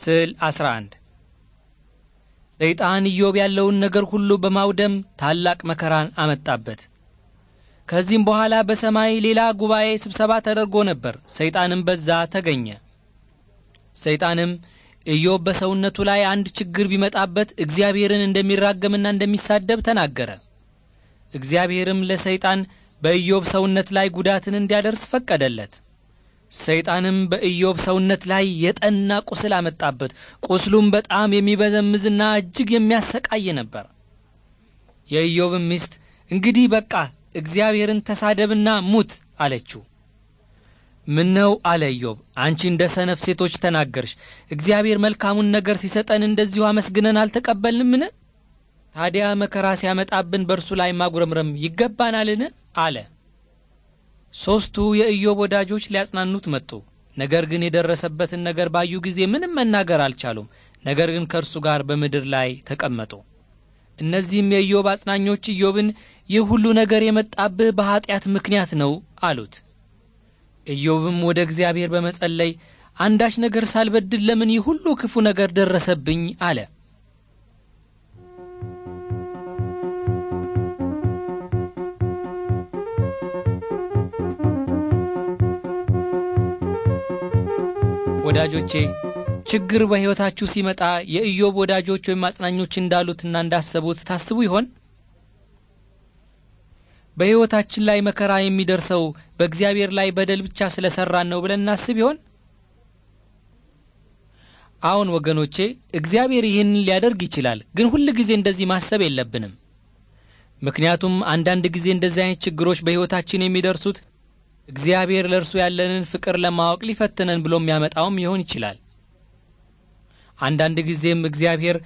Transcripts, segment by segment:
ስዕል 11 ሰይጣን ኢዮብ ያለውን ነገር ሁሉ በማውደም ታላቅ መከራን አመጣበት። ከዚህም በኋላ በሰማይ ሌላ ጉባኤ ስብሰባ ተደርጎ ነበር። ሰይጣንም በዛ ተገኘ። ሰይጣንም ኢዮብ በሰውነቱ ላይ አንድ ችግር ቢመጣበት እግዚአብሔርን እንደሚራገምና እንደሚሳደብ ተናገረ። እግዚአብሔርም ለሰይጣን በኢዮብ ሰውነት ላይ ጉዳትን እንዲያደርስ ፈቀደለት። ሰይጣንም በኢዮብ ሰውነት ላይ የጠና ቁስል አመጣበት። ቁስሉም በጣም የሚበዘምዝና እጅግ የሚያሰቃይ ነበር። የኢዮብም ሚስት እንግዲህ በቃ እግዚአብሔርን ተሳደብና ሙት አለችው። ምነው አለ ኢዮብ፣ አንቺ እንደ ሰነፍ ሴቶች ተናገርሽ። እግዚአብሔር መልካሙን ነገር ሲሰጠን እንደዚሁ አመስግነን አልተቀበልንምን? ታዲያ መከራ ሲያመጣብን በእርሱ ላይ ማጉረምረም ይገባናልን? አለ ሦስቱ የኢዮብ ወዳጆች ሊያጽናኑት መጡ። ነገር ግን የደረሰበትን ነገር ባዩ ጊዜ ምንም መናገር አልቻሉም። ነገር ግን ከእርሱ ጋር በምድር ላይ ተቀመጡ። እነዚህም የኢዮብ አጽናኞች ኢዮብን ይህ ሁሉ ነገር የመጣብህ በኀጢአት ምክንያት ነው አሉት። ኢዮብም ወደ እግዚአብሔር በመጸለይ አንዳች ነገር ሳልበድል ለምን ይህ ሁሉ ክፉ ነገር ደረሰብኝ አለ። ወዳጆቼ ችግር በሕይወታችሁ ሲመጣ የኢዮብ ወዳጆች ወይም አጽናኞች እንዳሉትና እንዳሰቡት ታስቡ ይሆን? በሕይወታችን ላይ መከራ የሚደርሰው በእግዚአብሔር ላይ በደል ብቻ ስለ ሠራን ነው ብለን እናስብ ይሆን? አሁን ወገኖቼ፣ እግዚአብሔር ይህንን ሊያደርግ ይችላል። ግን ሁል ጊዜ እንደዚህ ማሰብ የለብንም። ምክንያቱም አንዳንድ ጊዜ እንደዚህ አይነት ችግሮች በሕይወታችን የሚደርሱት እግዚአብሔር ለእርሱ ያለንን ፍቅር ለማወቅ ሊፈትነን ብሎ የሚያመጣውም ሊሆን ይችላል። አንዳንድ ጊዜም እግዚአብሔር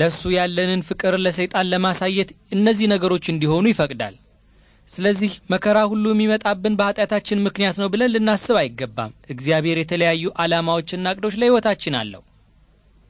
ለእሱ ያለንን ፍቅር ለሰይጣን ለማሳየት እነዚህ ነገሮች እንዲሆኑ ይፈቅዳል። ስለዚህ መከራ ሁሉ የሚመጣብን በኃጢአታችን ምክንያት ነው ብለን ልናስብ አይገባም። እግዚአብሔር የተለያዩ ዓላማዎችና እቅዶች ለሕይወታችን አለው።